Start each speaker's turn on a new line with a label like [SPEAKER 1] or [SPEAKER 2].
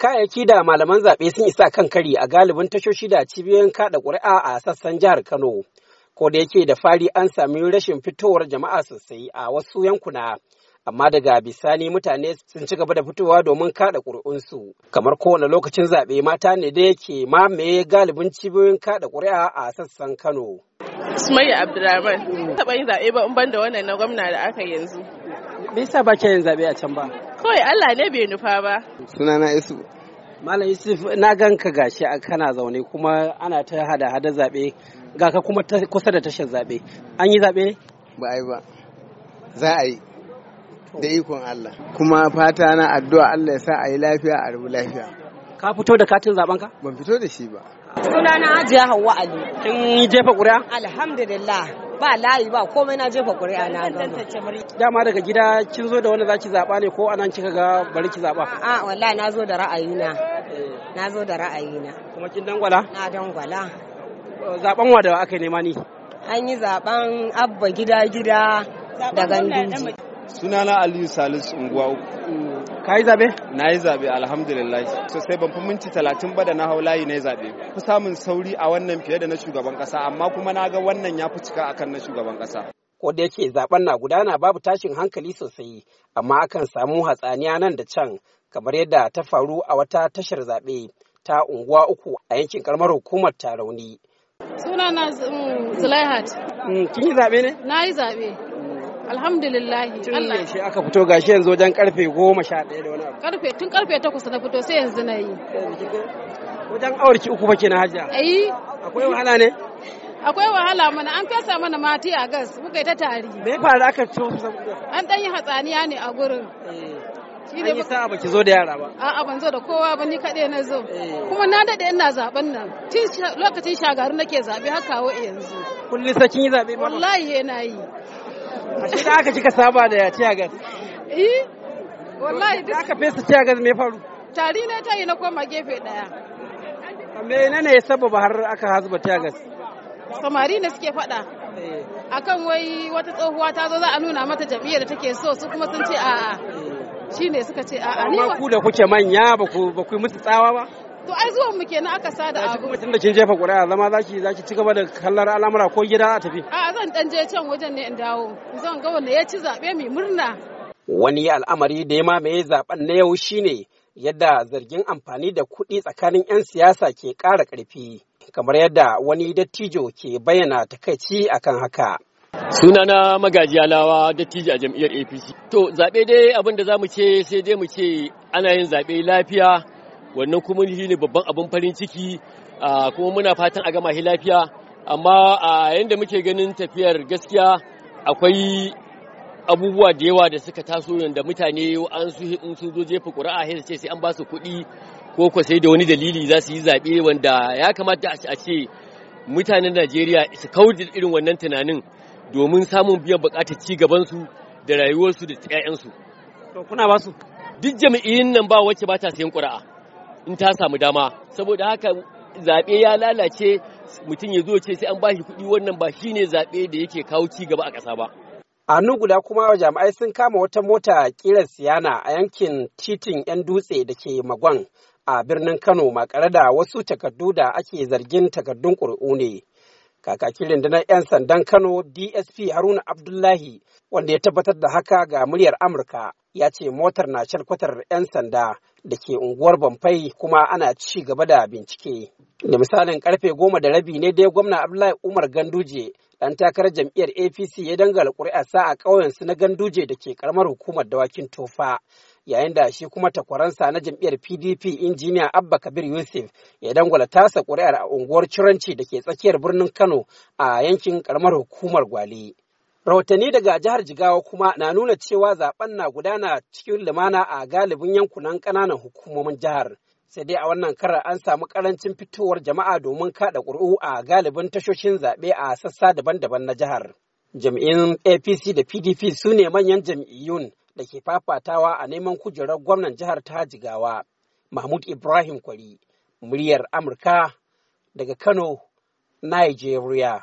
[SPEAKER 1] kayayyaki da malaman zaɓe sun isa kan kari a galibin tashoshi da cibiyoyin kaɗa ƙuri'a a sassan jihar Kano. Ko da yake da fari an sami rashin fitowar jama'a sosai a wasu yankuna. Amma daga bisani mutane sun ci gaba da fitowa domin kaɗa ƙuri'unsu. Kamar kowane lokacin zaɓe mata ne da yake mamaye galibin cibiyoyin kaɗa ƙuri'a a sassan Kano.
[SPEAKER 2] Sumayya Abdulrahman, taɓa yin zaɓe ba in ban da wannan na gwamna da aka yanzu.
[SPEAKER 1] Me ba ke yin zaɓe a can ba?
[SPEAKER 2] Kawai Allah ne bai nufa ba.
[SPEAKER 1] Sunana Isu. Malam Yusuf na gan ka gashi kana zaune kuma ana ta hada hada zabe ga ka kuma kusa da tashar zabe. An yi zabe? Ba ai ba. Za a yi. Da ikon Allah. Kuma fata na addu'a Allah ya sa a yi lafiya a rubu lafiya. Ka fito da katin zaben ka? Ban fito da shi ba. Suna na Hajiya Hauwa Ali. Kin jefa ƙuri'a? Alhamdulillah. ba layi ba komai na jefa ƙuri'a na gama dama daga gida kin zo da wanda zaki zaba ne ko anan kika ga bari ki zaba a'a wallahi na zo da ra'ayina eh. na zo da ra'ayina kuma kin dangwala na dangwala zaben wa da aka nema ni an yi zaben abba gida gida
[SPEAKER 3] da ganduji
[SPEAKER 1] sunana aliyu salisu unguwa uku ka yi zabe na yi zabe alhamdulillah sosai ban fi minti talatin ba da na hau layi na yi zabe fi samun sauri a wannan fiye da na shugaban kasa amma kuma na ga wannan ya fi cika akan na shugaban kasa ko da yake zaben na gudana babu tashin hankali sosai amma akan samu hatsaniya nan da can kamar yadda ta faru a wata tashar zabe ta unguwa uku a yankin karamar hukumar tarauni
[SPEAKER 2] suna na um, zulaihat
[SPEAKER 1] mm, kin yi zabe ne
[SPEAKER 2] na yi zabe alhamdulillah tun yaushe
[SPEAKER 1] aka fito gashi yanzu wajen karfe goma sha ɗaya da
[SPEAKER 2] wani abu karfe tun karfe takwas na fito sai yanzu na yi
[SPEAKER 1] wajen awarki uku fa kenan hajiya eh akwai wahala ne
[SPEAKER 2] akwai wahala mana an fesa mana mati a gas muka yi ta tari
[SPEAKER 1] me da aka fito
[SPEAKER 2] an dan yi hatsaniya ne a gurin eh. shi ne ba
[SPEAKER 1] baki zo da yara ba
[SPEAKER 2] a'a ban zo da kowa ba ni kaɗai na zo eh. kuma na daɗe ina zaben nan tun lokacin shagaru nake zabe har kawo yanzu
[SPEAKER 1] kullum sakin yi zabe wallahi yana yi Ashe da aka cika saba da tear gas.
[SPEAKER 2] Eh, wallahi duk. Aka
[SPEAKER 1] fesa tear gas me faru?
[SPEAKER 2] Tari ne ta yi na koma gefe daya.
[SPEAKER 1] Me ne ya sababa har aka hazba tear gas?
[SPEAKER 2] Samari ne suke faɗa. Eh. Akan wai wata tsohuwa ta zo za a nuna mata jami'ar da take so su kuma sun ce a'a. Eh. Shi ne suka ce a'a. Amma ku
[SPEAKER 1] da kuke manya ba ku musu tsawa ba?
[SPEAKER 2] to ai zuwan mu kenan aka sada abu kuma
[SPEAKER 1] tunda kin jefa ƙuri'a zama zaki zaki ci gaba da kallar al'amura ko gida a tafi
[SPEAKER 2] a zan dan je can wajen ne in dawo zan ga wanda ya ci zabe mai murna
[SPEAKER 1] wani al'amari da ya mamaye zaben na yau shine yadda zargin amfani da kuɗi tsakanin 'yan siyasa ke ƙara ƙarfi kamar yadda wani dattijo
[SPEAKER 3] ke bayyana takaici akan haka sunana magajiya lawa dattijo a jam'iyyar apc to zaɓe dai abin da za mu ce sai dai mu ce ana yin zaɓe lafiya wannan kuma shi ne babban abin farin ciki kuma muna fatan a gama shi lafiya amma a yadda muke ganin tafiyar gaskiya akwai abubuwa da yawa da suka taso da mutane an su in sun zo jefa ƙuri'a sai ce sai an ba su kuɗi ko ko sai da wani dalili za su yi zaɓe wanda ya kamata a ce mutanen Najeriya su kawar da irin wannan tunanin domin samun biyan buƙatar ci gabansu da rayuwarsu da 'ya'yansu. To kuna ba su? Duk jami'in nan ba wacce ba ta sayan ƙuri'a. in ta samu dama saboda haka zaɓe ya lalace mutum ya zo ce sai an bashi kuɗi wannan ba shi ne zaɓe da yake kawo ci gaba a ƙasa ba.
[SPEAKER 1] a nan guda kuma jami'ai sun kama wata mota kiran siyana a yankin titin 'yan dutse da ke magwan a birnin kano makare da wasu takardu da ake zargin takardun ƙuri'u ne kakakin rundunar 'yan sandan Kano DSP Haruna Abdullahi wanda ya tabbatar da haka ga muryar Amurka ya ce motar na kwatar 'yan sanda da ke unguwar Bamfai kuma ana ci gaba da bincike. Da misalin karfe goma da rabi ne dai gwamna Abdullahi Umar Ganduje ɗan takarar jam'iyyar APC ya dangala sa a ƙauyensu na Ganduje da ke karamar hukumar dawakin tofa yayin da shi kuma takwaransa na jam'iyyar pdp injiniya abba kabir yusuf ya dangwala tasa ƙuri'ar a unguwar ciranci da ke tsakiyar birnin kano a yankin karamar hukumar gwale rahotanni daga jihar jigawa kuma na nuna cewa zaben na gudana cikin lumana a galibin yankunan ƙananan hukumomin jihar sai dai a wannan karar an samu karancin fitowar jama'a domin kada ƙuri'u a galibin tashoshin zaɓe a sassa daban-daban na jihar. Jam'in APC da PDP su ne manyan jam'iyyun da ke fafatawa a neman kujerar gwamnan jihar ta Jigawa, Mahmud Ibrahim Kwari, muryar Amurka daga Kano, Nigeria.